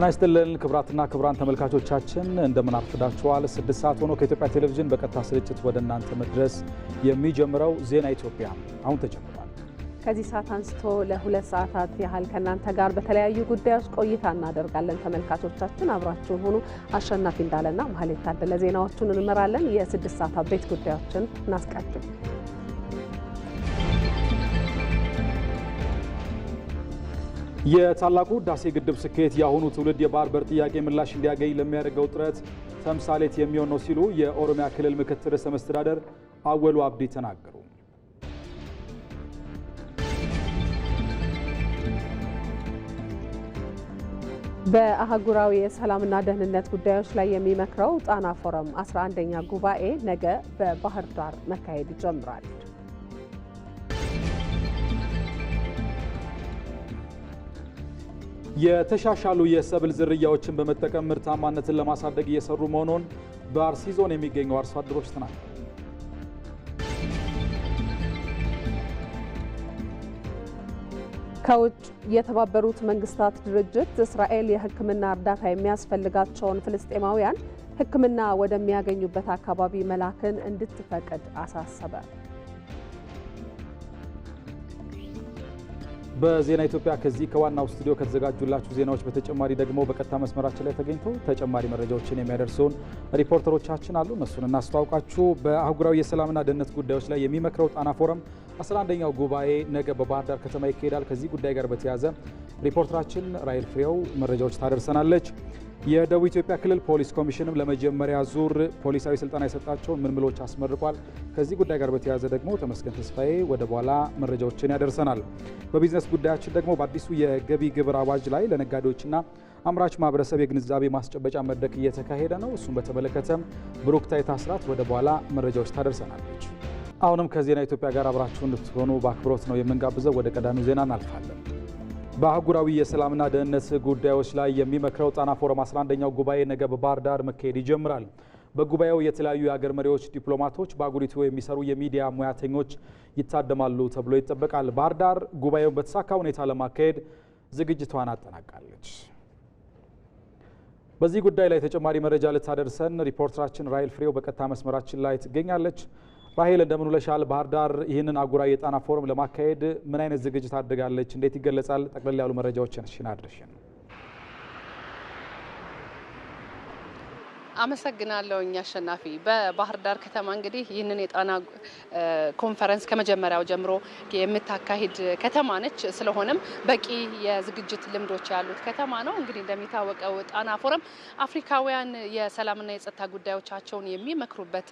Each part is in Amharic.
ጤና ይስጥልን ክብራትና ክብራን ተመልካቾቻችን እንደምን አርፍዳችኋል። ስድስት ሰዓት ሆኖ ከኢትዮጵያ ቴሌቪዥን በቀጥታ ስርጭት ወደ እናንተ መድረስ የሚጀምረው ዜና ኢትዮጵያ አሁን ተጀምሯል። ከዚህ ሰዓት አንስቶ ለሁለት ሰዓታት ያህል ከእናንተ ጋር በተለያዩ ጉዳዮች ቆይታ እናደርጋለን። ተመልካቾቻችን አብራችሁን ሁኑ። አሸናፊ እንዳለና መሀል የታደለ ዜናዎቹን እንመራለን። የስድስት ሰዓት አበይት ጉዳዮችን እናስቀድም። የታላቁ ህዳሴ ግድብ ስኬት የአሁኑ ትውልድ የባህር በር ጥያቄ ምላሽ እንዲያገኝ ለሚያደርገው ጥረት ተምሳሌት የሚሆን ነው ሲሉ የኦሮሚያ ክልል ምክትል ርዕሰ መስተዳደር አወሉ አብዲ ተናገሩ። በአህጉራዊ የሰላምና ደህንነት ጉዳዮች ላይ የሚመክረው ጣና ፎረም 11ኛ ጉባኤ ነገ በባህር ዳር መካሄድ ይጀምራል። የተሻሻሉ የሰብል ዝርያዎችን በመጠቀም ምርታማነትን ለማሳደግ እየሰሩ መሆኑን በአርሲ ዞን የሚገኙ አርሶ አደሮች ተናገሩ። ከውጭ የተባበሩት መንግስታት ድርጅት እስራኤል የሕክምና እርዳታ የሚያስፈልጋቸውን ፍልስጤማውያን ሕክምና ወደሚያገኙበት አካባቢ መላክን እንድትፈቅድ አሳሰበ። በዜና ኢትዮጵያ ከዚህ ከዋናው ስቱዲዮ ከተዘጋጁላችሁ ዜናዎች በተጨማሪ ደግሞ በቀጥታ መስመራችን ላይ ተገኝተው ተጨማሪ መረጃዎችን የሚያደርሰውን ሪፖርተሮቻችን አሉ። እነሱን እናስተዋውቃችሁ። በአህጉራዊ የሰላምና ደህንነት ጉዳዮች ላይ የሚመክረው ጣና ፎረም 11ኛው ጉባኤ ነገ በባህር ዳር ከተማ ይካሄዳል። ከዚህ ጉዳይ ጋር በተያያዘ ሪፖርተራችን ራይል ፍሬው መረጃዎች ታደርሰናለች። የደቡብ ኢትዮጵያ ክልል ፖሊስ ኮሚሽንም ለመጀመሪያ ዙር ፖሊሳዊ ስልጠና የሰጣቸውን ምልምሎች አስመርቋል። ከዚህ ጉዳይ ጋር በተያያዘ ደግሞ ተመስገን ተስፋዬ ወደ በኋላ መረጃዎችን ያደርሰናል። በቢዝነስ ጉዳያችን ደግሞ በአዲሱ የገቢ ግብር አዋጅ ላይ ለነጋዴዎችና አምራች ማህበረሰብ የግንዛቤ ማስጨበጫ መድረክ እየተካሄደ ነው። እሱም በተመለከተ ብሩክታይ አስራት ወደ በኋላ መረጃዎች ታደርሰናለች። አሁንም ከዜና ኢትዮጵያ ጋር አብራችሁ እንድትሆኑ በአክብሮት ነው የምንጋብዘው። ወደ ቀዳሚው ዜና እናልፋለን። በአህጉራዊ የሰላምና ደህንነት ጉዳዮች ላይ የሚመክረው ጣና ፎረም 11ኛው ጉባኤ ነገ በባህር ዳር መካሄድ ይጀምራል። በጉባኤው የተለያዩ የአገር መሪዎች፣ ዲፕሎማቶች፣ በአህጉሪቱ የሚሰሩ የሚዲያ ሙያተኞች ይታደማሉ ተብሎ ይጠበቃል። ባህር ዳር ጉባኤውን በተሳካ ሁኔታ ለማካሄድ ዝግጅቷን አጠናቃለች። በዚህ ጉዳይ ላይ ተጨማሪ መረጃ ልታደርሰን ሪፖርተራችን ራይል ፍሬው በቀጥታ መስመራችን ላይ ትገኛለች። ራሄል እንደምን ውለሻል? ባህር ዳር ይህንን አጉራዊ የጣና ፎረም ለማካሄድ ምን አይነት ዝግጅት አድርጋለች? እንዴት ይገለጻል? ጠቅለል ያሉ መረጃዎችን ሽናድርሽን አመሰግናለሁ እኛ አሸናፊ። በባህር ዳር ከተማ እንግዲህ ይህንን የጣና ኮንፈረንስ ከመጀመሪያው ጀምሮ የምታካሂድ ከተማ ነች። ስለሆነም በቂ የዝግጅት ልምዶች ያሉት ከተማ ነው። እንግዲህ እንደሚታወቀው ጣና ፎረም አፍሪካውያን የሰላምና የጸጥታ ጉዳዮቻቸውን የሚመክሩበት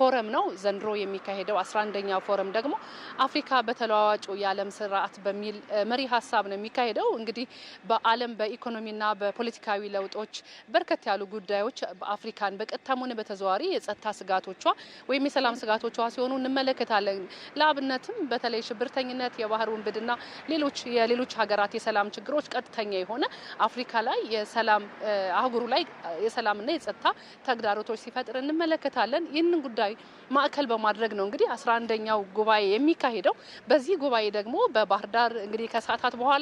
ፎረም ነው። ዘንድሮ የሚካሄደው 11 አንደኛው ፎረም ደግሞ አፍሪካ በተለዋዋጩ የዓለም ስርዓት በሚል መሪ ሀሳብ ነው የሚካሄደው። እንግዲህ በዓለም በኢኮኖሚና በፖለቲካዊ ለውጦች በርከት ያሉ ጉዳዮች አፍሪካን በቀጥታም ሆነ በተዘዋዋሪ የጸጥታ ስጋቶቿ ወይም የሰላም ስጋቶቿ ሲሆኑ እንመለከታለን። ለአብነትም በተለይ ሽብርተኝነት፣ የባህር ውንብድና፣ ሌሎች የሌሎች ሀገራት የሰላም ችግሮች ቀጥተኛ የሆነ አፍሪካ ላይ የሰላም አህጉሩ ላይ የሰላምና የጸጥታ ተግዳሮቶች ሲፈጥር እንመለከታለን። ይህንን ጉዳይ ማዕከል በማድረግ ነው እንግዲህ አስራ አንደኛው ጉባኤ የሚካሄደው። በዚህ ጉባኤ ደግሞ በባህር ዳር እንግዲህ ከሰዓታት በኋላ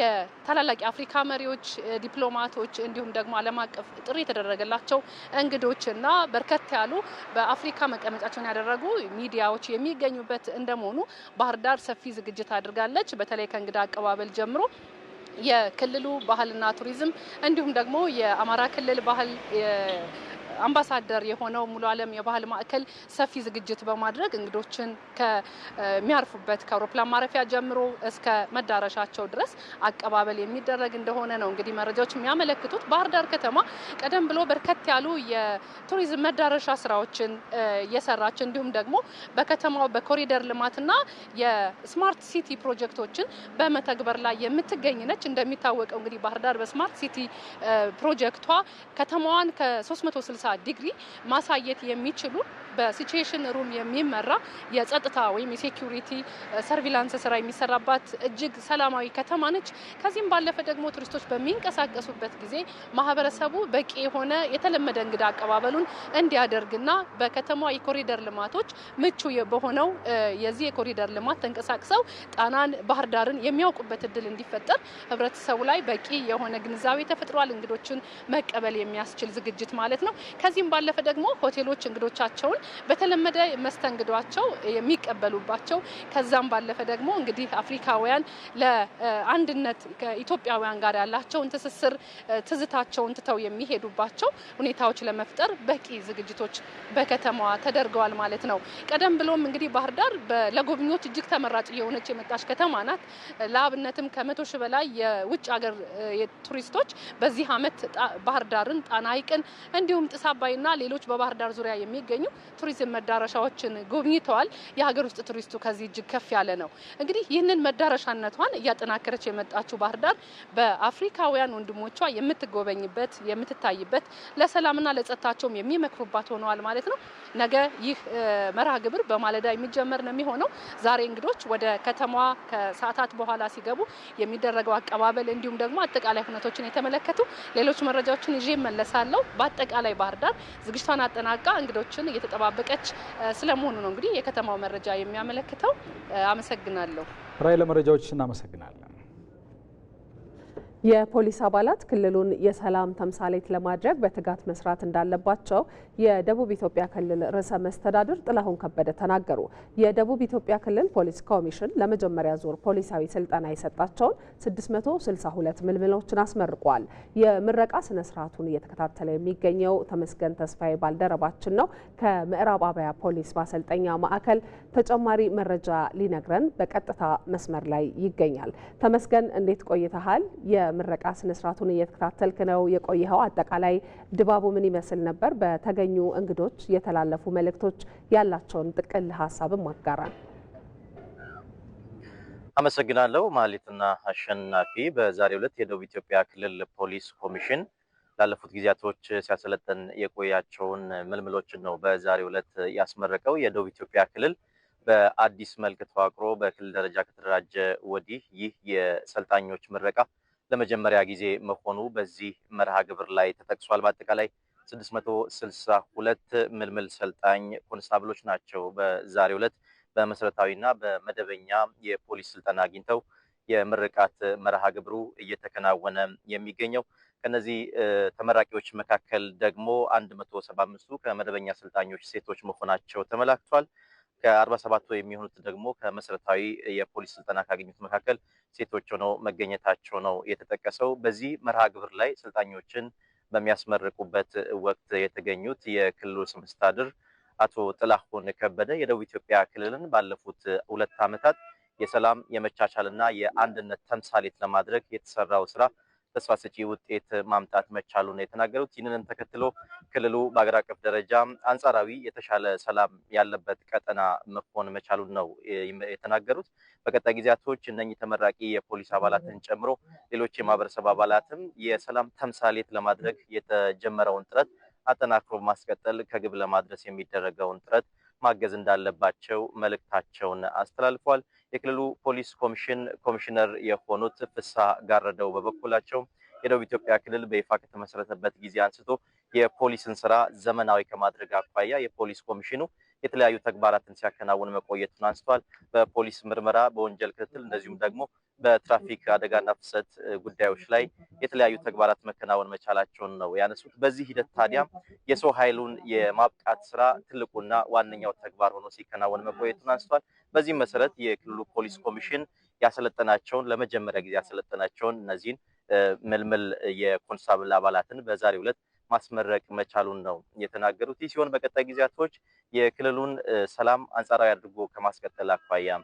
የታላላቅ የአፍሪካ መሪዎች፣ ዲፕሎማቶች እንዲሁም ደግሞ ዓለም አቀፍ ጥሪ የተደረገላቸው ያላቸው እንግዶችና በርከት ያሉ በአፍሪካ መቀመጫቸውን ያደረጉ ሚዲያዎች የሚገኙበት እንደመሆኑ ባህር ዳር ሰፊ ዝግጅት አድርጋለች። በተለይ ከእንግዳ አቀባበል ጀምሮ የክልሉ ባህልና ቱሪዝም እንዲሁም ደግሞ የአማራ ክልል ባህል አምባሳደር የሆነው ሙሉ ዓለም የባህል ማዕከል ሰፊ ዝግጅት በማድረግ እንግዶችን ከሚያርፉበት ከአውሮፕላን ማረፊያ ጀምሮ እስከ መዳረሻቸው ድረስ አቀባበል የሚደረግ እንደሆነ ነው እንግዲህ መረጃዎች የሚያመለክቱት። ባህር ዳር ከተማ ቀደም ብሎ በርከት ያሉ የቱሪዝም መዳረሻ ስራዎችን እየሰራች እንዲሁም ደግሞ በከተማው በኮሪደር ልማትና የስማርት ሲቲ ፕሮጀክቶችን በመተግበር ላይ የምትገኝ ነች። እንደሚታወቀው እንግዲህ ባህር ዳር በስማርት ሲቲ ፕሮጀክቷ ከተማዋን ከ360 ዲግሪ ማሳየት የሚችሉ በሲቹዌሽን ሩም የሚመራ የጸጥታ ወይም የሴኩሪቲ ሰርቪላንስ ስራ የሚሰራባት እጅግ ሰላማዊ ከተማ ነች። ከዚህም ባለፈ ደግሞ ቱሪስቶች በሚንቀሳቀሱበት ጊዜ ማህበረሰቡ በቂ የሆነ የተለመደ እንግዳ አቀባበሉን እንዲያደርግና በከተማዋ የኮሪደር ልማቶች ምቹ በሆነው የዚህ የኮሪደር ልማት ተንቀሳቅሰው ጣናን፣ ባህር ዳርን የሚያውቁበት እድል እንዲፈጠር ህብረተሰቡ ላይ በቂ የሆነ ግንዛቤ ተፈጥሯል። እንግዶችን መቀበል የሚያስችል ዝግጅት ማለት ነው። ከዚህም ባለፈ ደግሞ ሆቴሎች እንግዶቻቸውን በተለመደ መስተንግዷቸው የሚቀበሉባቸው ከዛም ባለፈ ደግሞ እንግዲህ አፍሪካውያን ለአንድነት ከኢትዮጵያውያን ጋር ያላቸውን ትስስር ትዝታቸውን ትተው የሚሄዱባቸው ሁኔታዎች ለመፍጠር በቂ ዝግጅቶች በከተማዋ ተደርገዋል ማለት ነው። ቀደም ብሎም እንግዲህ ባህር ዳር ለጎብኚዎች እጅግ ተመራጭ የሆነች የመጣች ከተማ ናት። ለአብነትም ከመቶ ሺህ በላይ የውጭ ሀገር ቱሪስቶች በዚህ አመት ባህር ዳርን፣ ጣና ሐይቅን እንዲሁም ጭስ አባይና ሌሎች በባህር ዳር ዙሪያ የሚገኙ ቱሪዝም መዳረሻዎችን ጎብኝተዋል። የሀገር ውስጥ ቱሪስቱ ከዚህ እጅግ ከፍ ያለ ነው። እንግዲህ ይህንን መዳረሻነቷን እያጠናከረች የመጣችው ባህር ዳር በአፍሪካውያን ወንድሞቿ የምትጎበኝበት የምትታይበት፣ ለሰላምና ለጸጥታቸውም የሚመክሩባት ሆነዋል ማለት ነው። ነገ ይህ መርሃ ግብር በማለዳ የሚጀመር ነው የሚሆነው። ዛሬ እንግዶች ወደ ከተማዋ ከሰዓታት በኋላ ሲገቡ የሚደረገው አቀባበል እንዲሁም ደግሞ አጠቃላይ ሁነቶችን የተመለከቱ ሌሎች መረጃዎችን ይዤ መለሳለሁ። በአጠቃላይ ባህር ዳር ዝግጅቷን አጠናቃ እንግዶችን እየተጠባበቀች ስለመሆኑ ነው እንግዲህ የከተማው መረጃ የሚያመለክተው። አመሰግናለሁ ራይ ለመረጃዎች እናመሰግናለን። የፖሊስ አባላት ክልሉን የሰላም ተምሳሌት ለማድረግ በትጋት መስራት እንዳለባቸው የደቡብ ኢትዮጵያ ክልል ርዕሰ መስተዳድር ጥላሁን ከበደ ተናገሩ። የደቡብ ኢትዮጵያ ክልል ፖሊስ ኮሚሽን ለመጀመሪያ ዙር ፖሊሳዊ ስልጠና የሰጣቸውን 662 ምልምሎችን አስመርቋል። የምረቃ ስነ ስርዓቱን እየተከታተለ የሚገኘው ተመስገን ተስፋዬ ባልደረባችን ነው። ከምዕራብ አብያ ፖሊስ ማሰልጠኛ ማዕከል ተጨማሪ መረጃ ሊነግረን በቀጥታ መስመር ላይ ይገኛል። ተመስገን እንዴት ቆይተሃል? የምረቃ ስነስርዓቱን እየተከታተልክ ነው የቆየኸው። አጠቃላይ ድባቡ ምን ይመስል ነበር? በተገኙ እንግዶች የተላለፉ መልእክቶች ያላቸውን ጥቅል ሀሳብም አጋራል። አመሰግናለሁ ማሊትና አሸናፊ። በዛሬው ዕለት የደቡብ ኢትዮጵያ ክልል ፖሊስ ኮሚሽን ላለፉት ጊዜያቶች ሲያሰለጠን የቆያቸውን ምልምሎችን ነው በዛሬው ዕለት ያስመረቀው። የደቡብ ኢትዮጵያ ክልል በአዲስ መልክ ተዋቅሮ በክልል ደረጃ ከተደራጀ ወዲህ ይህ የሰልጣኞች ምረቃ ለመጀመሪያ ጊዜ መሆኑ በዚህ መርሃ ግብር ላይ ተጠቅሷል። በአጠቃላይ 662 ምልምል ሰልጣኝ ኮንስታብሎች ናቸው በዛሬው ዕለት በመሰረታዊና በመደበኛ የፖሊስ ስልጠና አግኝተው የምርቃት መርሃ ግብሩ እየተከናወነ የሚገኘው። ከነዚህ ተመራቂዎች መካከል ደግሞ 175ቱ ከመደበኛ ሰልጣኞች ሴቶች መሆናቸው ተመላክቷል። ከአርባ ሰባቱ የሚሆኑት ደግሞ ከመሰረታዊ የፖሊስ ስልጠና ካገኙት መካከል ሴቶች ሆነው መገኘታቸው ነው የተጠቀሰው። በዚህ መርሃ ግብር ላይ ሰልጣኞችን በሚያስመርቁበት ወቅት የተገኙት የክልሉ ርዕሰ መስተዳድር አቶ ጥላሁን ከበደ የደቡብ ኢትዮጵያ ክልልን ባለፉት ሁለት ዓመታት የሰላም የመቻቻልና የአንድነት ተምሳሌት ለማድረግ የተሰራው ስራ ተስፋ ሰጪ ውጤት ማምጣት ነው የተናገሩት ይህንን ተከትሎ ክልሉ በአገር አቀፍ ደረጃ አንጻራዊ የተሻለ ሰላም ያለበት ቀጠና መሆን መቻሉን ነው የተናገሩት። በቀጣይ ጊዜያቶች እነኚህ ተመራቂ የፖሊስ አባላትን ጨምሮ ሌሎች የማህበረሰብ አባላትም የሰላም ተምሳሌት ለማድረግ የተጀመረውን ጥረት አጠናክሮ ማስቀጠል ከግብ ለማድረስ የሚደረገውን ጥረት ማገዝ እንዳለባቸው መልእክታቸውን አስተላልፏል። የክልሉ ፖሊስ ኮሚሽን ኮሚሽነር የሆኑት ፍሳ ጋረደው በበኩላቸው የደቡብ ኢትዮጵያ ክልል በይፋ ከተመሰረተበት ጊዜ አንስቶ የፖሊስን ስራ ዘመናዊ ከማድረግ አኳያ የፖሊስ ኮሚሽኑ የተለያዩ ተግባራትን ሲያከናውን መቆየቱን አንስቷል። በፖሊስ ምርመራ፣ በወንጀል ክትትል እንደዚሁም ደግሞ በትራፊክ አደጋና ፍሰት ጉዳዮች ላይ የተለያዩ ተግባራት መከናወን መቻላቸውን ነው ያነሱት። በዚህ ሂደት ታዲያ የሰው ኃይሉን የማብቃት ስራ ትልቁና ዋነኛው ተግባር ሆኖ ሲከናወን መቆየቱን አንስቷል። በዚህም መሰረት የክልሉ ፖሊስ ኮሚሽን ያሰለጠናቸውን ለመጀመሪያ ጊዜ ያሰለጠናቸውን እነዚህን ምልምል የኮንስታብል አባላትን በዛሬው ዕለት ማስመረቅ መቻሉን ነው የተናገሩት። ይህ ሲሆን በቀጣይ ጊዜያቶች የክልሉን ሰላም አንጻራዊ አድርጎ ከማስቀጠል አኳያ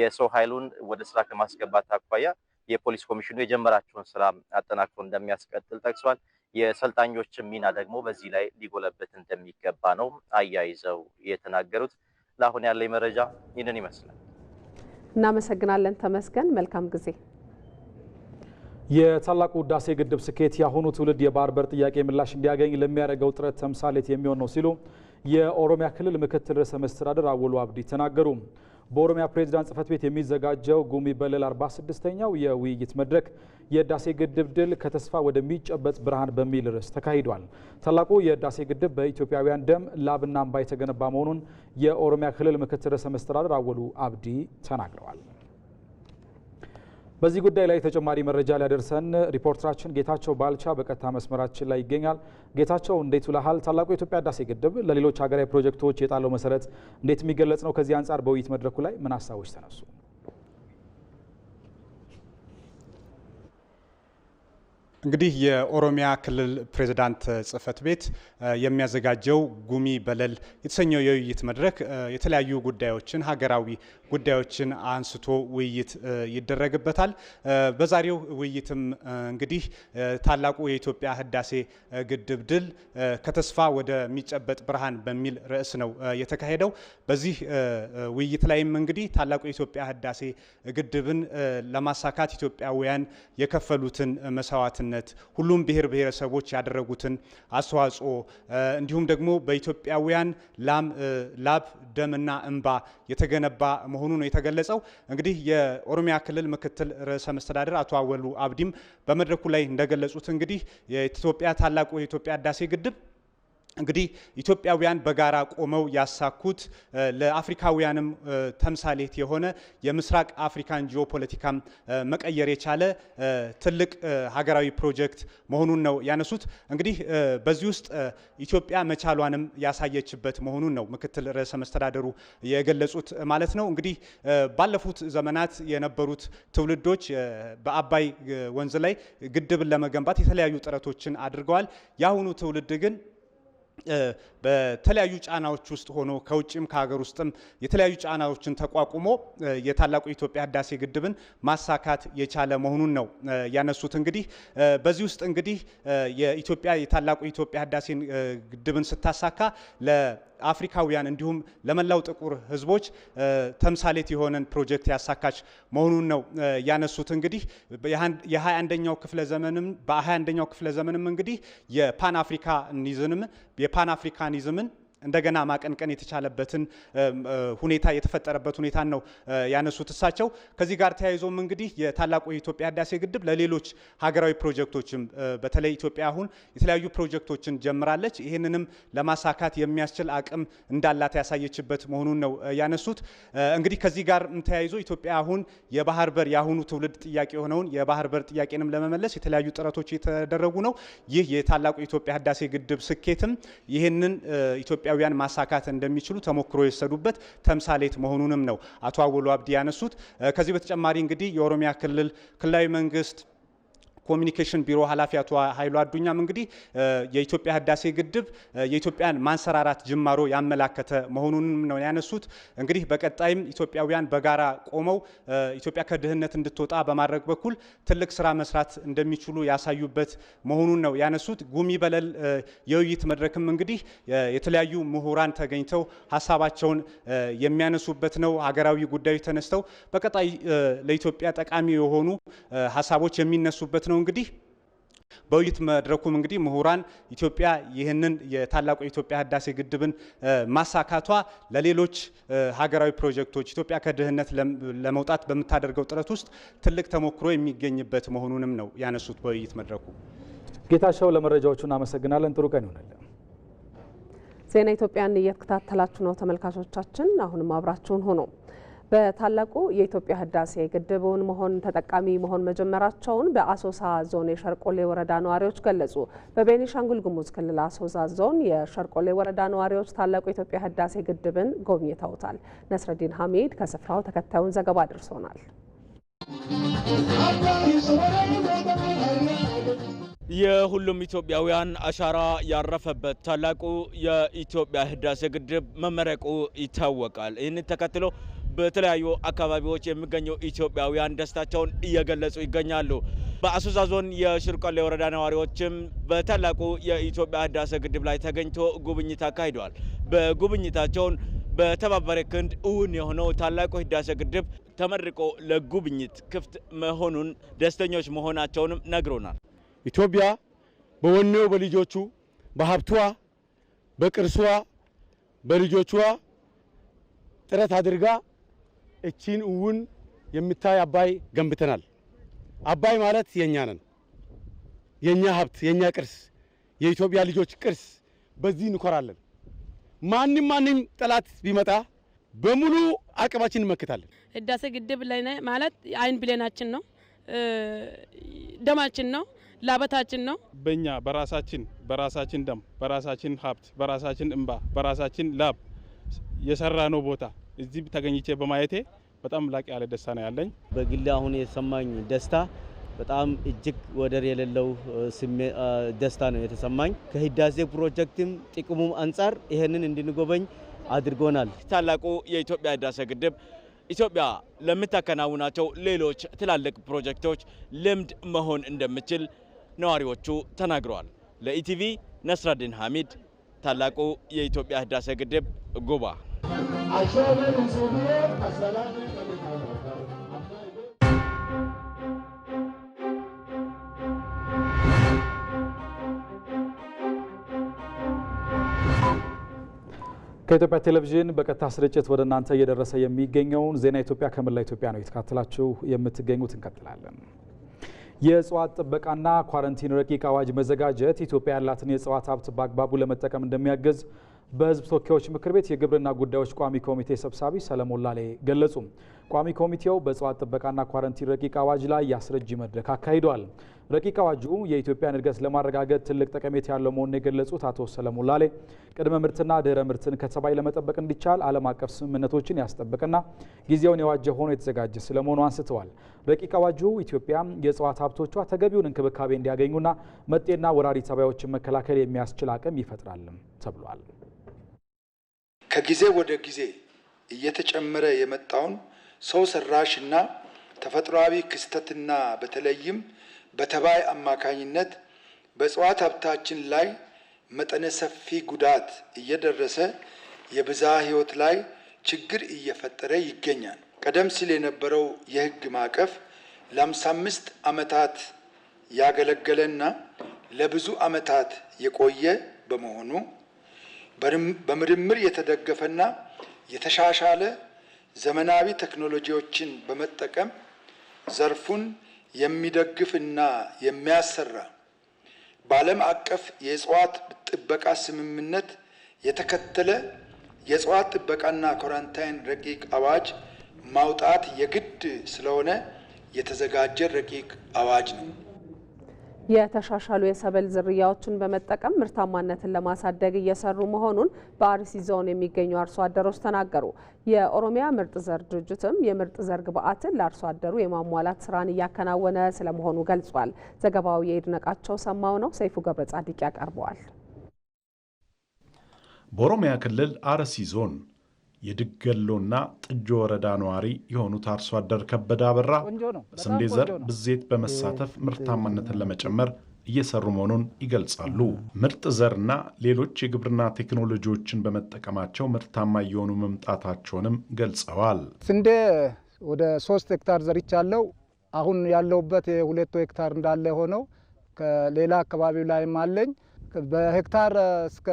የሰው ኃይሉን ወደ ስራ ከማስገባት አኳያ የፖሊስ ኮሚሽኑ የጀመራቸውን ስራ አጠናክሮ እንደሚያስቀጥል ጠቅሷል። የሰልጣኞችን ሚና ደግሞ በዚህ ላይ ሊጎለበት እንደሚገባ ነው አያይዘው የተናገሩት። ለአሁን ያለ መረጃ ይህንን ይመስላል። እናመሰግናለን ተመስገን። መልካም ጊዜ። የታላቁ ህዳሴ ግድብ ስኬት የአሁኑ ትውልድ የባህር በር ጥያቄ ምላሽ እንዲያገኝ ለሚያደርገው ጥረት ተምሳሌት የሚሆን ነው ሲሉ የኦሮሚያ ክልል ምክትል ርዕሰ መስተዳደር አወሉ አብዲ ተናገሩ። በኦሮሚያ ፕሬዚዳንት ጽህፈት ቤት የሚዘጋጀው ጉሚ በለል 46ኛው የውይይት መድረክ የህዳሴ ግድብ ድል ከተስፋ ወደሚጨበጥ ብርሃን በሚል ርዕስ ተካሂዷል። ታላቁ የህዳሴ ግድብ በኢትዮጵያውያን ደም ላብና እንባ የተገነባ መሆኑን የኦሮሚያ ክልል ምክትል ርዕሰ መስተዳድር አወሉ አብዲ ተናግረዋል። በዚህ ጉዳይ ላይ ተጨማሪ መረጃ ሊያደርሰን ሪፖርተራችን ጌታቸው ባልቻ በቀጥታ መስመራችን ላይ ይገኛል። ጌታቸው እንዴት ውለሃል? ታላቁ የኢትዮጵያ ህዳሴ ግድብ ለሌሎች ሀገራዊ ፕሮጀክቶች የጣለው መሰረት እንዴት የሚገለጽ ነው? ከዚህ አንጻር በውይይት መድረኩ ላይ ምን ሀሳቦች ተነሱ? እንግዲህ የኦሮሚያ ክልል ፕሬዝዳንት ጽህፈት ቤት የሚያዘጋጀው ጉሚ በለል የተሰኘው የውይይት መድረክ የተለያዩ ጉዳዮችን ሀገራዊ ጉዳዮችን አንስቶ ውይይት ይደረግበታል። በዛሬው ውይይትም እንግዲህ ታላቁ የኢትዮጵያ ህዳሴ ግድብ ድል ከተስፋ ወደሚጨበጥ ብርሃን በሚል ርዕስ ነው የተካሄደው። በዚህ ውይይት ላይም እንግዲህ ታላቁ የኢትዮጵያ ህዳሴ ግድብን ለማሳካት ኢትዮጵያውያን የከፈሉትን መስዋዕትነት፣ ሁሉም ብሔር ብሔረሰቦች ያደረጉትን አስተዋጽኦ እንዲሁም ደግሞ በኢትዮጵያውያን ላም ላብ ደምና እንባ የተገነባ መሆ መሆኑ ነው የተገለጸው። እንግዲህ የኦሮሚያ ክልል ምክትል ርዕሰ መስተዳደር አቶ አወሉ አብዲም በመድረኩ ላይ እንደገለጹት እንግዲህ የኢትዮጵያ ታላቁ የኢትዮጵያ ህዳሴ ግድብ እንግዲህ ኢትዮጵያውያን በጋራ ቆመው ያሳኩት ለአፍሪካውያንም ተምሳሌት የሆነ የምስራቅ አፍሪካን ጂኦፖለቲካም መቀየር የቻለ ትልቅ ሀገራዊ ፕሮጀክት መሆኑን ነው ያነሱት። እንግዲህ በዚህ ውስጥ ኢትዮጵያ መቻሏንም ያሳየችበት መሆኑን ነው ምክትል ርዕሰ መስተዳደሩ የገለጹት ማለት ነው። እንግዲህ ባለፉት ዘመናት የነበሩት ትውልዶች በአባይ ወንዝ ላይ ግድብን ለመገንባት የተለያዩ ጥረቶችን አድርገዋል። የአሁኑ ትውልድ ግን በተለያዩ ጫናዎች ውስጥ ሆኖ ከውጭም ከሀገር ውስጥም የተለያዩ ጫናዎችን ተቋቁሞ የታላቁ የኢትዮጵያ ህዳሴ ግድብን ማሳካት የቻለ መሆኑን ነው ያነሱት። እንግዲህ በዚህ ውስጥ እንግዲህ የኢትዮጵያ የታላቁ የኢትዮጵያ ህዳሴን ግድብን ስታሳካ አፍሪካውያን እንዲሁም ለመላው ጥቁር ህዝቦች ተምሳሌት የሆነን ፕሮጀክት ያሳካች መሆኑን ነው ያነሱት። እንግዲህ የ21ኛው ክፍለ ዘመንም በ21ኛው ክፍለ ዘመንም እንግዲህ የፓን አፍሪካኒዝምን የፓን አፍሪካኒዝምን እንደገና ማቀንቀን የተቻለበትን ሁኔታ የተፈጠረበት ሁኔታን ነው ያነሱት እሳቸው። ከዚህ ጋር ተያይዞም እንግዲህ የታላቁ የኢትዮጵያ ህዳሴ ግድብ ለሌሎች ሀገራዊ ፕሮጀክቶችም በተለይ ኢትዮጵያ አሁን የተለያዩ ፕሮጀክቶችን ጀምራለች። ይህንንም ለማሳካት የሚያስችል አቅም እንዳላት ያሳየችበት መሆኑን ነው ያነሱት። እንግዲህ ከዚህ ጋር ተያይዞ ኢትዮጵያ አሁን የባህር በር የአሁኑ ትውልድ ጥያቄ የሆነውን የባህር በር ጥያቄንም ለመመለስ የተለያዩ ጥረቶች የተደረጉ ነው። ይህ የታላቁ የኢትዮጵያ ህዳሴ ግድብ ስኬትም ይህንን ኢትዮጵያ ኢትዮጵያውያን ማሳካት እንደሚችሉ ተሞክሮ የወሰዱበት ተምሳሌት መሆኑንም ነው አቶ አወሉ አብዲ ያነሱት። ከዚህ በተጨማሪ እንግዲህ የኦሮሚያ ክልል ክልላዊ መንግስት ኮሚኒኬሽን ቢሮ ኃላፊ አቶ ኃይሉ አዱኛም እንግዲህ የኢትዮጵያ ህዳሴ ግድብ የኢትዮጵያን ማንሰራራት ጅማሮ ያመላከተ መሆኑንም ነው ያነሱት። እንግዲህ በቀጣይም ኢትዮጵያውያን በጋራ ቆመው ኢትዮጵያ ከድህነት እንድትወጣ በማድረግ በኩል ትልቅ ስራ መስራት እንደሚችሉ ያሳዩበት መሆኑን ነው ያነሱት። ጉሚ በለል የውይይት መድረክም እንግዲህ የተለያዩ ምሁራን ተገኝተው ሀሳባቸውን የሚያነሱበት ነው። ሀገራዊ ጉዳዮች ተነስተው በቀጣይ ለኢትዮጵያ ጠቃሚ የሆኑ ሀሳቦች የሚነሱበት ነው። ነው እንግዲህ በውይይት መድረኩም እንግዲህ ምሁራን ኢትዮጵያ ይህንን የታላቁ የኢትዮጵያ ህዳሴ ግድብን ማሳካቷ ለሌሎች ሀገራዊ ፕሮጀክቶች ኢትዮጵያ ከድህነት ለመውጣት በምታደርገው ጥረት ውስጥ ትልቅ ተሞክሮ የሚገኝበት መሆኑንም ነው ያነሱት። በውይይት መድረኩ ጌታቸው፣ ለመረጃዎቹ እናመሰግናለን። ጥሩ ቀን ይሆናል። ዜና ኢትዮጵያን እየተከታተላችሁ ነው ተመልካቾቻችን። አሁንም አብራችሁን ሆኖ በታላቁ የኢትዮጵያ ህዳሴ ግድቡን መሆን ተጠቃሚ መሆን መጀመራቸውን በአሶሳ ዞን የሸርቆሌ ወረዳ ነዋሪዎች ገለጹ። በቤኒሻንጉል ጉሙዝ ክልል አሶሳ ዞን የሸርቆሌ ወረዳ ነዋሪዎች ታላቁ የኢትዮጵያ ህዳሴ ግድብን ጎብኝተውታል። ነስረዲን ሀሚድ ከስፍራው ተከታዩን ዘገባ አድርሶናል። የሁሉም ኢትዮጵያውያን አሻራ ያረፈበት ታላቁ የኢትዮጵያ ህዳሴ ግድብ መመረቁ ይታወቃል። ይህን ተከትሎ በተለያዩ አካባቢዎች የሚገኙ ኢትዮጵያውያን ደስታቸውን እየገለጹ ይገኛሉ። በአሶሳ ዞን የሽርቆሌ ወረዳ ነዋሪዎችም በታላቁ የኢትዮጵያ ህዳሴ ግድብ ላይ ተገኝቶ ጉብኝት አካሂደዋል። በጉብኝታቸውን በተባበረ ክንድ እውን የሆነው ታላቁ ህዳሴ ግድብ ተመርቆ ለጉብኝት ክፍት መሆኑን ደስተኞች መሆናቸውንም ነግሮናል። ኢትዮጵያ በወኔው በልጆቹ በሀብቷ በቅርሷ በልጆቿ ጥረት አድርጋ እቺን እውን የምታይ አባይ ገንብተናል። አባይ ማለት የኛ ነን፣ የኛ ሀብት፣ የኛ ቅርስ፣ የኢትዮጵያ ልጆች ቅርስ። በዚህ እንኮራለን። ማንም ማንም ጠላት ቢመጣ በሙሉ አቅማችን እንመክታለን። ህዳሴ ግድብ ማለት አይን ብሌናችን ነው፣ ደማችን ነው፣ ላበታችን ነው። በእኛ በራሳችን በራሳችን ደም፣ በራሳችን ሀብት፣ በራሳችን እንባ፣ በራሳችን ላብ የሰራ ነው ቦታ እዚህ ተገኝቼ በማየቴ በጣም ላቅ ያለ ደስታ ነው ያለኝ። በግሌ አሁን የሰማኝ ደስታ በጣም እጅግ ወደር የሌለው ደስታ ነው የተሰማኝ። ከህዳሴ ፕሮጀክትም ጥቅሙም አንጻር ይህንን እንድንጎበኝ አድርጎናል። ታላቁ የኢትዮጵያ ህዳሴ ግድብ ኢትዮጵያ ለምታከናውናቸው ሌሎች ትላልቅ ፕሮጀክቶች ልምድ መሆን እንደምችል ነዋሪዎቹ ተናግረዋል። ለኢቲቪ ነስራዲን ሐሚድ ታላቁ የኢትዮጵያ ህዳሴ ግድብ ጉባ ከኢትዮጵያ ቴሌቪዥን በቀጥታ ስርጭት ወደ እናንተ እየደረሰ የሚገኘውን ዜና ኢትዮጵያ ከመላ ኢትዮጵያ ነው የተካተላችሁ የምትገኙት። እንቀጥላለን። የእጽዋት ጥበቃና ኳረንቲን ረቂቅ አዋጅ መዘጋጀት ኢትዮጵያ ያላትን የእጽዋት ሀብት በአግባቡ ለመጠቀም እንደሚያግዝ በህዝብ ተወካዮች ምክር ቤት የግብርና ጉዳዮች ቋሚ ኮሚቴ ሰብሳቢ ሰለሞን ላሌ ገለጹ። ቋሚ ኮሚቴው በእጽዋት ጥበቃና ኳረንቲን ረቂቅ አዋጅ ላይ የአስረጅ መድረክ አካሂዷል። ረቂቅ አዋጁ የኢትዮጵያን እድገት ለማረጋገጥ ትልቅ ጠቀሜታ ያለው መሆኑን የገለጹት አቶ ሰለሞን ላሌ ቅድመ ምርትና ድህረ ምርትን ከተባይ ለመጠበቅ እንዲቻል ዓለም አቀፍ ስምምነቶችን ያስጠበቅና ጊዜውን የዋጀ ሆኖ የተዘጋጀ ስለመሆኑ አንስተዋል። ረቂቅ አዋጁ ኢትዮጵያ የእጽዋት ሀብቶቿ ተገቢውን እንክብካቤ እንዲያገኙና መጤና ወራሪ ተባዮችን መከላከል የሚያስችል አቅም ይፈጥራልም ተብሏል። ከጊዜ ወደ ጊዜ እየተጨመረ የመጣውን ሰው ሰራሽና ተፈጥሯዊ ክስተትና በተለይም በተባይ አማካኝነት በእጽዋት ሀብታችን ላይ መጠነ ሰፊ ጉዳት እየደረሰ የብዝሃ ሕይወት ላይ ችግር እየፈጠረ ይገኛል። ቀደም ሲል የነበረው የሕግ ማዕቀፍ ለአምሳ አምስት ዓመታት ያገለገለና ለብዙ ዓመታት የቆየ በመሆኑ በምርምር የተደገፈና የተሻሻለ ዘመናዊ ቴክኖሎጂዎችን በመጠቀም ዘርፉን የሚደግፍና የሚያሰራ በዓለም አቀፍ የእጽዋት ጥበቃ ስምምነት የተከተለ የእጽዋት ጥበቃና ኮራንታይን ረቂቅ አዋጅ ማውጣት የግድ ስለሆነ የተዘጋጀ ረቂቅ አዋጅ ነው። የተሻሻሉ የሰብል ዝርያዎችን በመጠቀም ምርታማነትን ለማሳደግ እየሰሩ መሆኑን በአርሲ ዞን የሚገኙ አርሶ አደሮች ተናገሩ። የኦሮሚያ ምርጥ ዘር ድርጅትም የምርጥ ዘር ግብዓትን ለአርሶ አደሩ የማሟላት ስራን እያከናወነ ስለመሆኑ ገልጿል። ዘገባው የይድነቃቸው ሰማው ነው። ሰይፉ ገብረ ጻድቅ ያቀርበዋል። በኦሮሚያ ክልል አርሲ ዞን የድገሎና ጥጆ ወረዳ ነዋሪ የሆኑት አርሶ አደር ከበደ አበራ በስንዴ ዘር ብዜት በመሳተፍ ምርታማነትን ለመጨመር እየሰሩ መሆኑን ይገልጻሉ። ምርጥ ዘርና ሌሎች የግብርና ቴክኖሎጂዎችን በመጠቀማቸው ምርታማ እየሆኑ መምጣታቸውንም ገልጸዋል። ስንዴ ወደ ሶስት ሄክታር ዘርቻለሁ። አሁን ያለሁበት የሁለቱ ሄክታር እንዳለ ሆነው ከሌላ አካባቢው ላይም አለኝ። በሄክታር እስከ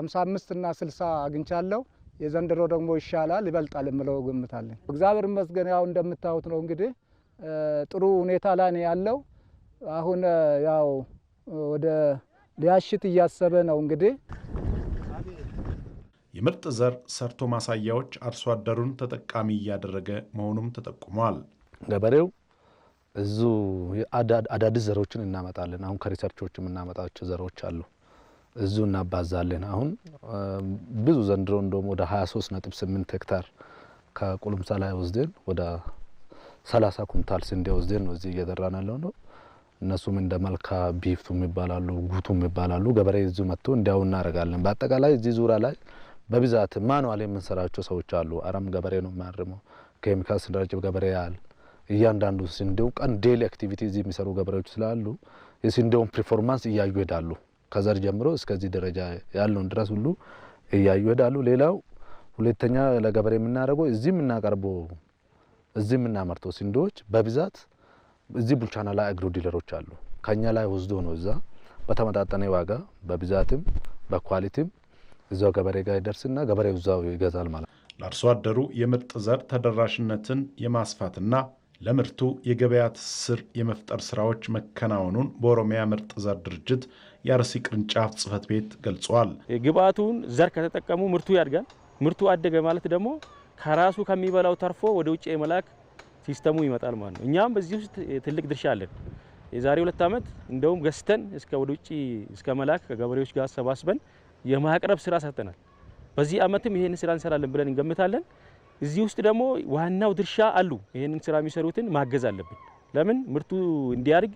55 እና 60 አግኝቻለሁ። የዘንድሮ ደግሞ ይሻላል ይበልጣል የምለው ግምታለን። እግዚአብሔር ይመስገን ያው እንደምታዩት ነው እንግዲህ ጥሩ ሁኔታ ላይ ነው ያለው። አሁን ያው ወደ ሊያሽት እያሰበ ነው እንግዲህ የምርጥ ዘር ሰርቶ ማሳያዎች አርሶ አደሩን ተጠቃሚ እያደረገ መሆኑም ተጠቁሟል። ገበሬው እዙ አዳዲስ ዘሮችን እናመጣለን። አሁን ከሪሰርቾችም እናመጣቸው ዘሮች አሉ። እዙ እናባዛለን። አሁን ብዙ ዘንድሮ እንደውም ወደ 23 ነጥብ 8 ሄክታር ከቁልምሳ ላይ ወስደን ወደ 30 ኩንታል ስንዴ ወስደን ነው እዚህ እየዘራን ያለው ነው። እነሱም እንደ መልካ ቢፍቱም ይባላሉ፣ ጉቱም ይባላሉ። ገበሬ እዙ መጥቶ እንዲያው እናደርጋለን። በአጠቃላይ እዚህ ዙሪያ ላይ በብዛት ማኑዋል የምንሰራቸው ሰዎች አሉ። አረም ገበሬ ነው የሚያርመው፣ ኬሚካል ስንረጭብ ገበሬ ያል እያንዳንዱ ስንዴው ቀን ዴይሊ አክቲቪቲ እዚህ የሚሰሩ ገበሬዎች ስላሉ የስንዴውን ፕሪፎርማንስ እያዩ ሄዳሉ። ከዘር ጀምሮ እስከዚህ ደረጃ ያለውን ድረስ ሁሉ እያዩ ይሄዳሉ። ሌላው ሁለተኛ ለገበሬ የምናደርገው እዚህ የምናቀርበው እዚህ የምናመርተው ስንዴዎች በብዛት እዚህ ቡልቻና ላይ አግሮ ዲለሮች አሉ። ከኛ ላይ ወስዶ ነው እዛ በተመጣጠነ ዋጋ በብዛትም በኳሊቲም እዛው ገበሬ ጋር ይደርስና ገበሬው እዛው ይገዛል ማለት ነው። ለአርሶ አደሩ የምርጥ ዘር ተደራሽነትን የማስፋትና ለምርቱ የገበያ ትስስር የመፍጠር ስራዎች መከናወኑን በኦሮሚያ ምርጥ ዘር ድርጅት የአርሲ ቅርንጫፍ ጽህፈት ቤት ገልጿል። ግብአቱን ዘር ከተጠቀሙ ምርቱ ያድጋል። ምርቱ አደገ ማለት ደግሞ ከራሱ ከሚበላው ተርፎ ወደ ውጭ የመላክ ሲስተሙ ይመጣል ማለት ነው። እኛም በዚህ ውስጥ ትልቅ ድርሻ አለን። የዛሬ ሁለት ዓመት እንደውም ገዝተን እስከ ወደ ውጭ እስከ መላክ ከገበሬዎች ጋር አሰባስበን የማቅረብ ስራ ሰርተናል። በዚህ ዓመትም ይሄን ስራ እንሰራለን ብለን እንገምታለን። እዚህ ውስጥ ደግሞ ዋናው ድርሻ አሉ። ይሄንን ስራ የሚሰሩትን ማገዝ አለብን። ለምን ምርቱ እንዲያድግ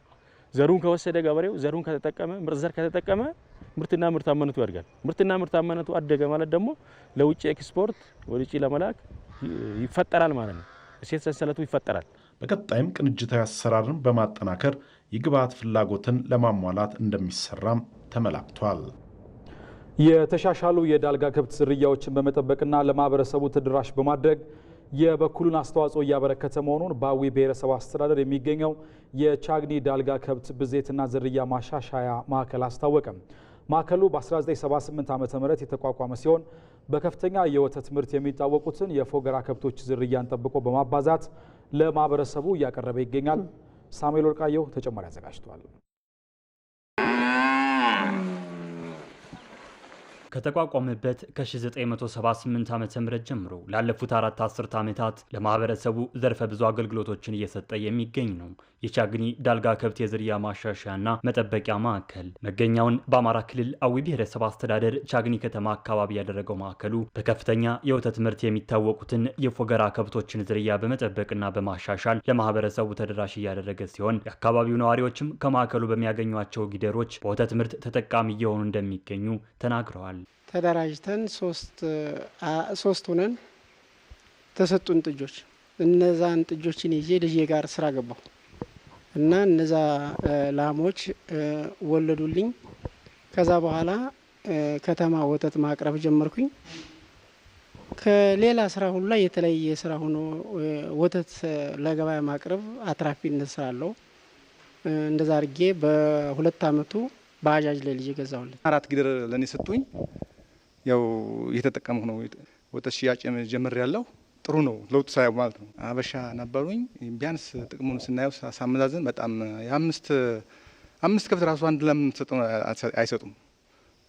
ዘሩን ከወሰደ ገበሬው ዘሩን ከተጠቀመ ምርጥ ዘር ከተጠቀመ ምርትና ምርታማነቱ ያድጋል። ምርትና ምርታማነቱ አደገ ማለት ደግሞ ለውጭ ኤክስፖርት ወደ ውጭ ለመላክ ይፈጠራል ማለት ነው። እሴት ሰንሰለቱ ይፈጠራል። በቀጣይም ቅንጅታዊ አሰራርን በማጠናከር የግብዓት ፍላጎትን ለማሟላት እንደሚሰራም ተመላክቷል። የተሻሻሉ የዳልጋ ከብት ዝርያዎችን በመጠበቅና ለማህበረሰቡ ተደራሽ በማድረግ የበኩሉን አስተዋጽኦ እያበረከተ መሆኑን በአዊ ብሔረሰብ አስተዳደር የሚገኘው የቻግኒ ዳልጋ ከብት ብዜትና ዝርያ ማሻሻያ ማዕከል አስታወቀም። ማዕከሉ በ1978 ዓ ም የተቋቋመ ሲሆን በከፍተኛ የወተት ምርት የሚታወቁትን የፎገራ ከብቶች ዝርያን ጠብቆ በማባዛት ለማህበረሰቡ እያቀረበ ይገኛል። ሳሙኤል ወርቃየሁ ተጨማሪ አዘጋጅቷል። ከተቋቋመበት ከ1978 ዓ ም ጀምሮ ላለፉት አራት አስርት ዓመታት ለማህበረሰቡ ዘርፈ ብዙ አገልግሎቶችን እየሰጠ የሚገኝ ነው። የቻግኒ ዳልጋ ከብት የዝርያ ማሻሻያና መጠበቂያ ማዕከል መገኛውን በአማራ ክልል አዊ ብሔረሰብ አስተዳደር ቻግኒ ከተማ አካባቢ ያደረገው ማዕከሉ በከፍተኛ የወተት ምርት የሚታወቁትን የፎገራ ከብቶችን ዝርያ በመጠበቅና በማሻሻል ለማህበረሰቡ ተደራሽ እያደረገ ሲሆን የአካባቢው ነዋሪዎችም ከማዕከሉ በሚያገኟቸው ጊደሮች በወተት ምርት ተጠቃሚ እየሆኑ እንደሚገኙ ተናግረዋል። ተደራጅተን ሶስት ሁነን ተሰጡን ጥጆች። እነዛን ጥጆችን ይዤ ልጄ ጋር ስራ ገባሁ እና እነዛ ላሞች ወለዱልኝ። ከዛ በኋላ ከተማ ወተት ማቅረብ ጀመርኩኝ። ከሌላ ስራ ሁሉ ላይ የተለያየ ስራ ሆኖ ወተት ለገበያ ማቅረብ አትራፊነት ስራ አለው። እንደዛ አድርጌ በሁለት አመቱ ባጃጅ ለልጄ ገዛሁለት። አራት ጊደር ለእኔ ሰጡኝ። ያው እየተጠቀምኩ ነው። ወተት ሽያጭ ጀምር ያለው ጥሩ ነው ለውጥ ሳያው ማለት ነው። አበሻ ነበሩኝ ቢያንስ ጥቅሙን ስናየው ሳመዛዝን በጣም የአምስት አምስት ከብት ራሱ አንድ ለምን አይሰጡም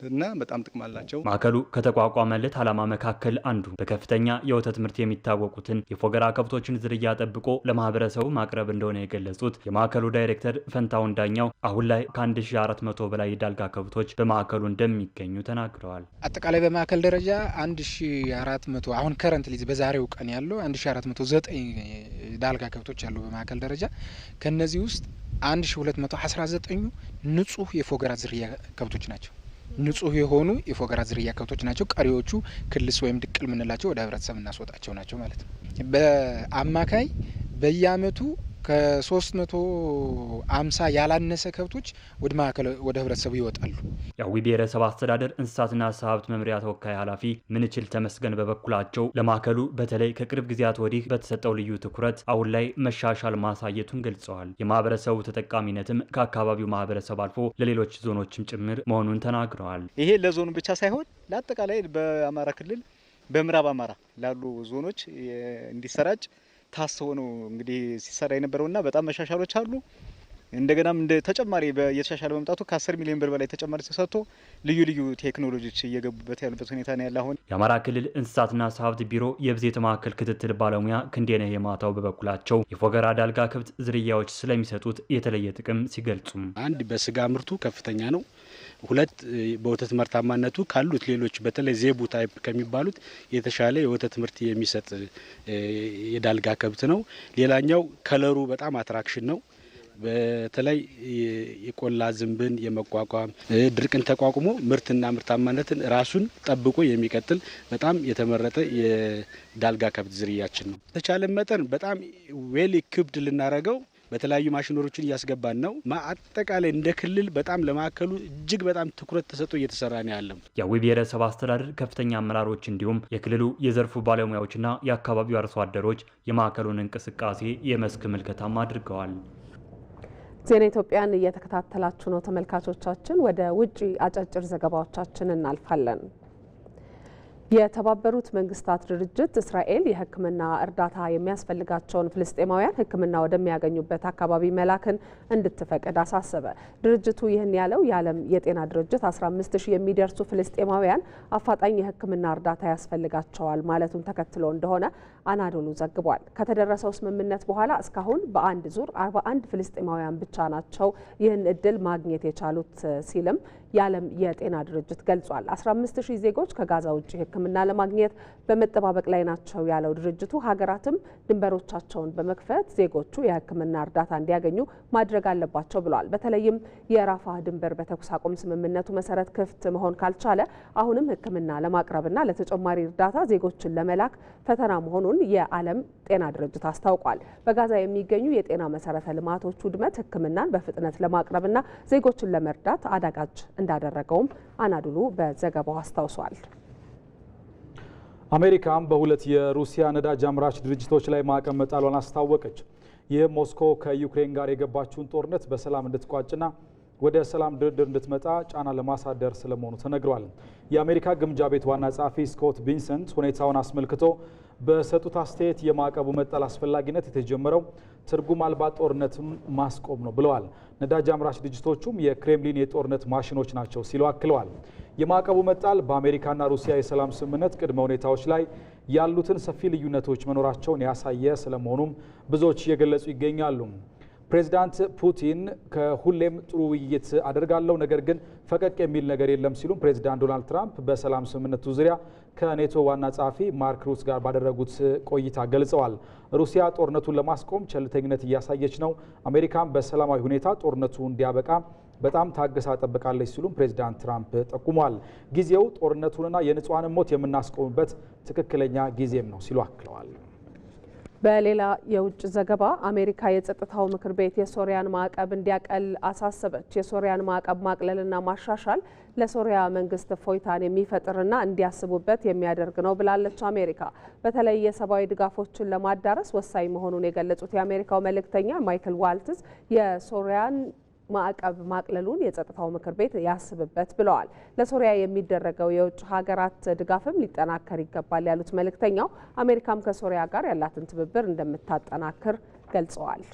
እና በጣም ጥቅም አላቸው። ማዕከሉ ከተቋቋመለት ዓላማ መካከል አንዱ በከፍተኛ የወተት ምርት የሚታወቁትን የፎገራ ከብቶችን ዝርያ ጠብቆ ለማህበረሰቡ ማቅረብ እንደሆነ የገለጹት የማዕከሉ ዳይሬክተር ፈንታውን ዳኛው አሁን ላይ ከ1400 በላይ የዳልጋ ከብቶች በማዕከሉ እንደሚገኙ ተናግረዋል። አጠቃላይ በማዕከል ደረጃ 1400 አሁን ከረንት ሊዝ በዛሬው ቀን ያለው 1409 ዳልጋ ከብቶች ያሉ በማዕከል ደረጃ ከነዚህ ውስጥ 1219 ንጹህ የፎገራ ዝርያ ከብቶች ናቸው። ንጹህ የሆኑ የፎገራ ዝርያ ከብቶች ናቸው። ቀሪዎቹ ክልስ ወይም ድቅል የምንላቸው ወደ ህብረተሰብ እናስወጣቸው ናቸው ማለት ነው። በአማካይ በየአመቱ መቶ አምሳ ያላነሰ ከብቶች ወደ ማዕከል ወደ ህብረተሰቡ ይወጣሉ። የአዊ ብሔረሰብ አስተዳደር እንስሳትና ዓሳ ሀብት መምሪያ ተወካይ ኃላፊ ምንችል ተመስገን በበኩላቸው ለማዕከሉ በተለይ ከቅርብ ጊዜያት ወዲህ በተሰጠው ልዩ ትኩረት አሁን ላይ መሻሻል ማሳየቱን ገልጸዋል። የማህበረሰቡ ተጠቃሚነትም ከአካባቢው ማህበረሰብ አልፎ ለሌሎች ዞኖችም ጭምር መሆኑን ተናግረዋል። ይሄ ለዞኑ ብቻ ሳይሆን ለአጠቃላይ በአማራ ክልል በምዕራብ አማራ ላሉ ዞኖች እንዲሰራጭ ታስቦ ነው እንግዲህ ሲሰራ የነበረውና በጣም መሻሻሎች አሉ። እንደገናም እንደ ተጨማሪ የተሻሻለ መምጣቱ ከ10 ሚሊዮን ብር በላይ ተጨማሪ ተሰጥቶ ልዩ ልዩ ቴክኖሎጂዎች እየገቡበት ያሉበት ሁኔታ ነው ያለ። አሁን የአማራ ክልል እንስሳትና ዓሳ ሀብት ቢሮ የብዜት ማዕከል ክትትል ባለሙያ ክንዴነህ የማታው በበኩላቸው የፎገራ ዳልጋ ከብት ዝርያዎች ስለሚሰጡት የተለየ ጥቅም ሲገልጹም አንድ በስጋ ምርቱ ከፍተኛ ነው። ሁለት በወተት ምርታማነቱ ካሉት ሌሎች በተለይ ዜቡ ታይፕ ከሚባሉት የተሻለ የወተት ምርት የሚሰጥ የዳልጋ ከብት ነው። ሌላኛው ከለሩ በጣም አትራክሽን ነው። በተለይ የቆላ ዝንብን የመቋቋም ድርቅን ተቋቁሞ ምርትና ምርታማነትን ራሱን ጠብቆ የሚቀጥል በጣም የተመረጠ የዳልጋ ከብት ዝርያችን ነው። የተቻለ መጠን በጣም ዌል ክብድ ልናረገው በተለያዩ ማሽኖችን እያስገባን ነው። አጠቃላይ እንደ ክልል በጣም ለማዕከሉ እጅግ በጣም ትኩረት ተሰጥቶ እየተሰራ ነው ያለው። የአዊ ብሔረሰብ አስተዳደር ከፍተኛ አመራሮች እንዲሁም የክልሉ የዘርፉ ባለሙያዎችና የአካባቢው አርሶ አደሮች የማዕከሉን እንቅስቃሴ የመስክ ምልከታም አድርገዋል። ዜና ኢትዮጵያን እየተከታተላችሁ ነው ተመልካቾቻችን። ወደ ውጭ አጫጭር ዘገባዎቻችን እናልፋለን። የተባበሩት መንግስታት ድርጅት እስራኤል የሕክምና እርዳታ የሚያስፈልጋቸውን ፍልስጤማውያን ሕክምና ወደሚያገኙበት አካባቢ መላክን እንድትፈቅድ አሳሰበ። ድርጅቱ ይህን ያለው የዓለም የጤና ድርጅት 15 ሺህ የሚደርሱ ፍልስጤማውያን አፋጣኝ የሕክምና እርዳታ ያስፈልጋቸዋል ማለቱን ተከትሎ እንደሆነ አናዶሉ ዘግቧል። ከተደረሰው ስምምነት በኋላ እስካሁን በአንድ ዙር 41 ፍልስጤማውያን ብቻ ናቸው ይህን እድል ማግኘት የቻሉት ሲልም የዓለም የጤና ድርጅት ገልጿል። 15 ሺህ ዜጎች ከጋዛ ውጭ ሕክምና ለማግኘት በመጠባበቅ ላይ ናቸው ያለው ድርጅቱ ሀገራትም ድንበሮቻቸውን በመክፈት ዜጎቹ የሕክምና እርዳታ እንዲያገኙ ማድረግ አለባቸው ብለዋል። በተለይም የራፋ ድንበር በተኩስ አቁም ስምምነቱ መሰረት ክፍት መሆን ካልቻለ አሁንም ሕክምና ለማቅረብና ለተጨማሪ እርዳታ ዜጎችን ለመላክ ፈተና መሆኑን የዓለም ጤና ድርጅት አስታውቋል። በጋዛ የሚገኙ የጤና መሰረተ ልማቶች ውድመት ሕክምናን በፍጥነት ለማቅረብና ዜጎችን ለመርዳት አዳጋች እንዳደረገውም አናዱሉ በዘገባው አስታውሷል። አሜሪካም በሁለት የሩሲያ ነዳጅ አምራች ድርጅቶች ላይ ማዕቀብ መጣሏን አስታወቀች። ይህ ሞስኮ ከዩክሬን ጋር የገባችውን ጦርነት በሰላም እንድትቋጭና ወደ ሰላም ድርድር እንድትመጣ ጫና ለማሳደር ስለመሆኑ ተነግሯል። የአሜሪካ ግምጃ ቤት ዋና ጸሐፊ ስኮት ቢንሰንት ሁኔታውን አስመልክቶ በሰጡት አስተያየት የማዕቀቡ መጣል አስፈላጊነት የተጀመረው ትርጉም አልባ ጦርነትም ማስቆም ነው ብለዋል። ነዳጅ አምራች ድርጅቶቹም የክሬምሊን የጦርነት ማሽኖች ናቸው ሲሉ አክለዋል። የማዕቀቡ መጣል በአሜሪካና ሩሲያ የሰላም ስምምነት ቅድመ ሁኔታዎች ላይ ያሉትን ሰፊ ልዩነቶች መኖራቸውን ያሳየ ስለመሆኑም ብዙዎች እየገለጹ ይገኛሉ። ፕሬዚዳንት ፑቲን ከሁሌም ጥሩ ውይይት አደርጋለሁ፣ ነገር ግን ፈቀቅ የሚል ነገር የለም ሲሉም ፕሬዚዳንት ዶናልድ ትራምፕ በሰላም ስምምነቱ ዙሪያ ከኔቶ ዋና ጸሐፊ ማርክ ሩት ጋር ባደረጉት ቆይታ ገልጸዋል። ሩሲያ ጦርነቱን ለማስቆም ቸልተኝነት እያሳየች ነው። አሜሪካም በሰላማዊ ሁኔታ ጦርነቱ እንዲያበቃ በጣም ታግሳ ጠብቃለች ሲሉም ፕሬዚዳንት ትራምፕ ጠቁሟል። ጊዜው ጦርነቱንና የንጹሐንን ሞት የምናስቆምበት ትክክለኛ ጊዜም ነው ሲሉ አክለዋል። በሌላ የውጭ ዘገባ አሜሪካ የጸጥታው ምክር ቤት የሶሪያን ማዕቀብ እንዲያቀል አሳሰበች። የሶሪያን ማዕቀብ ማቅለልና ማሻሻል ለሶሪያ መንግስት እፎይታን የሚፈጥርና እንዲያስቡበት የሚያደርግ ነው ብላለች አሜሪካ። በተለይ የሰብአዊ ድጋፎችን ለማዳረስ ወሳኝ መሆኑን የገለጹት የአሜሪካው መልእክተኛ ማይክል ዋልትዝ የሶሪያን ማዕቀብ ማቅለሉን የጸጥታው ምክር ቤት ያስብበት ብለዋል። ለሶሪያ የሚደረገው የውጭ ሀገራት ድጋፍም ሊጠናከር ይገባል ያሉት መልእክተኛው አሜሪካም ከሶሪያ ጋር ያላትን ትብብር እንደምታጠናክር ገልጸዋል።